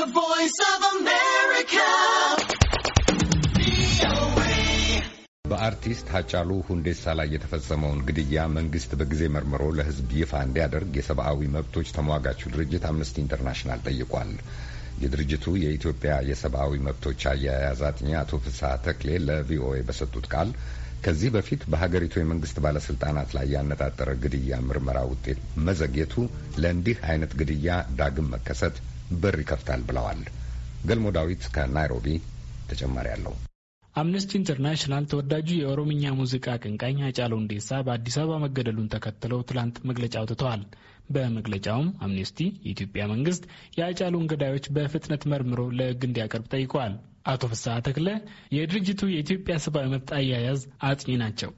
The Voice of America. በአርቲስት ሀጫሉ ሁንዴሳ ላይ የተፈጸመውን ግድያ መንግስት በጊዜ መርምሮ ለሕዝብ ይፋ እንዲያደርግ የሰብአዊ መብቶች ተሟጋቹ ድርጅት አምነስቲ ኢንተርናሽናል ጠይቋል። የድርጅቱ የኢትዮጵያ የሰብአዊ መብቶች አያያዝ አጥኚ አቶ ፍስሐ ተክሌ ለቪኦኤ በሰጡት ቃል ከዚህ በፊት በሀገሪቱ የመንግስት ባለስልጣናት ላይ ያነጣጠረ ግድያ ምርመራ ውጤት መዘግየቱ ለእንዲህ አይነት ግድያ ዳግም መከሰት በር ይከፍታል ብለዋል። ገልሞ ዳዊት ከናይሮቢ ተጨማሪ አለው። አምነስቲ ኢንተርናሽናል ተወዳጁ የኦሮምኛ ሙዚቃ አቀንቃኝ ሃጫሉ ሁንዴሳ በአዲስ አበባ መገደሉን ተከትለው ትላንት መግለጫ አውጥተዋል። በመግለጫውም አምነስቲ የኢትዮጵያ መንግስት የሃጫሉን ገዳዮች በፍጥነት መርምሮ ለህግ እንዲያቀርብ ጠይቀዋል። አቶ ፍስሐ ተክለ የድርጅቱ የኢትዮጵያ ሰብአዊ መብት አያያዝ አጥኚ ናቸው።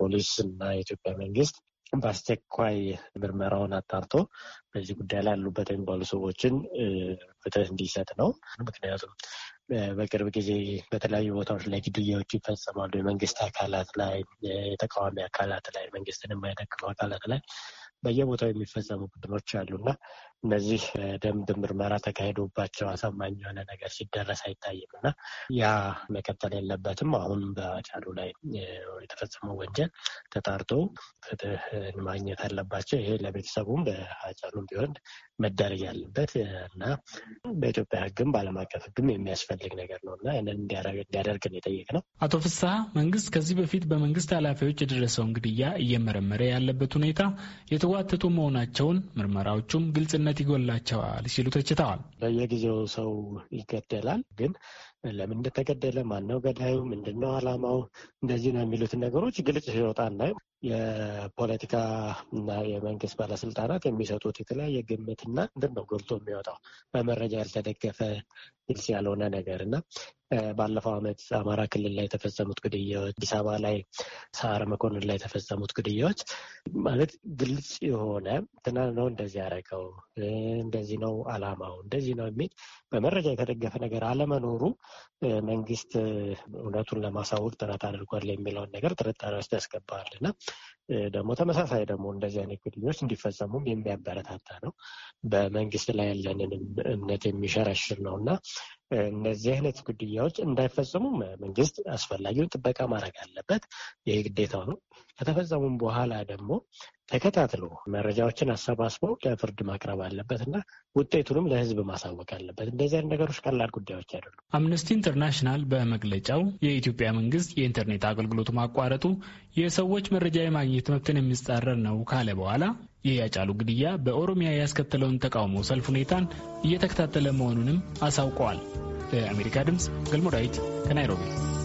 ፖሊስ እና የኢትዮጵያ መንግስት በአስቸኳይ ምርመራውን አጣርቶ በዚህ ጉዳይ ላይ ያሉበት የሚባሉ ሰዎችን ፍትህ እንዲሰጥ ነው። ምክንያቱም በቅርብ ጊዜ በተለያዩ ቦታዎች ላይ ግድያዎች ይፈጸማሉ። የመንግስት አካላት ላይ፣ የተቃዋሚ አካላት ላይ፣ መንግስትን የማይደግፉ አካላት ላይ በየቦታው የሚፈጸሙ ቡድኖች አሉና እነዚህ ደም ምርመራ ተካሂዶባቸው አሳማኝ የሆነ ነገር ሲደረስ አይታይም እና ያ መቀጠል የለበትም። አሁን በአጫሉ ላይ የተፈጸመው ወንጀል ተጣርቶ ፍትህ ማግኘት አለባቸው። ይሄ ለቤተሰቡም በአጫሉም ቢሆን መደረግ ያለበት እና በኢትዮጵያ ሕግም በዓለም አቀፍ ሕግም የሚያስፈልግ ነገር ነው እና ያንን እንዲያደርግ ነው የጠየቅነው። አቶ ፍስሐ መንግስት ከዚህ በፊት በመንግስት ኃላፊዎች የደረሰውን ግድያ እየመረመረ ያለበት ሁኔታ የተዋተቱ መሆናቸውን ምርመራዎቹም ግልጽነት ኃላፊነት ይጎላቸዋል ሲሉ ተችተዋል። በየጊዜው ሰው ይገደላል፣ ግን ለምን እንደተገደለ ማነው ገዳዩ፣ ምንድነው አላማው እንደዚህ ነው የሚሉትን ነገሮች ግልጽ ሲወጣ እናይ። የፖለቲካ እና የመንግስት ባለስልጣናት የሚሰጡት የተለያየ ግምትና ምንድን ነው ጎልቶ የሚወጣው በመረጃ ያልተደገፈ ግልጽ ያልሆነ ነገር እና ባለፈው ዓመት አማራ ክልል ላይ የተፈጸሙት ግድያዎች፣ አዲስ አበባ ላይ ሰዓረ መኮንን ላይ የተፈጸሙት ግድያዎች ማለት ግልጽ የሆነ እንትና ነው እንደዚህ ያደረገው እንደዚህ ነው አላማው እንደዚህ ነው የሚል በመረጃ የተደገፈ ነገር አለመኖሩ መንግስት እውነቱን ለማሳወቅ ጥረት አድርጓል የሚለውን ነገር ጥርጣሬ ውስጥ ያስገባል እና ደግሞ ተመሳሳይ ደግሞ እንደዚህ አይነት ግድያዎች እንዲፈጸሙም የሚያበረታታ ነው። በመንግስት ላይ ያለንን እምነት የሚሸረሽር ነው እና እነዚህ አይነት ግድያዎች እንዳይፈጸሙ መንግስት አስፈላጊውን ጥበቃ ማድረግ አለበት። ይህ ግዴታው ነው። ከተፈጸሙም በኋላ ደግሞ ተከታትሎ መረጃዎችን አሰባስቦ ለፍርድ ማቅረብ አለበት እና ውጤቱንም ለህዝብ ማሳወቅ አለበት። እንደዚህ አይነት ነገሮች ቀላል ጉዳዮች አይደሉም። አምነስቲ ኢንተርናሽናል በመግለጫው የኢትዮጵያ መንግስት የኢንተርኔት አገልግሎት ማቋረጡ የሰዎች መረጃ የማግኘት መብትን የሚጻረር ነው ካለ በኋላ ይህ ያጫሉ ግድያ በኦሮሚያ ያስከተለውን ተቃውሞ ሰልፍ ሁኔታን እየተከታተለ መሆኑንም አሳውቀዋል። ለአሜሪካ ድምፅ ገልሞ ዳዊት ከናይሮቢ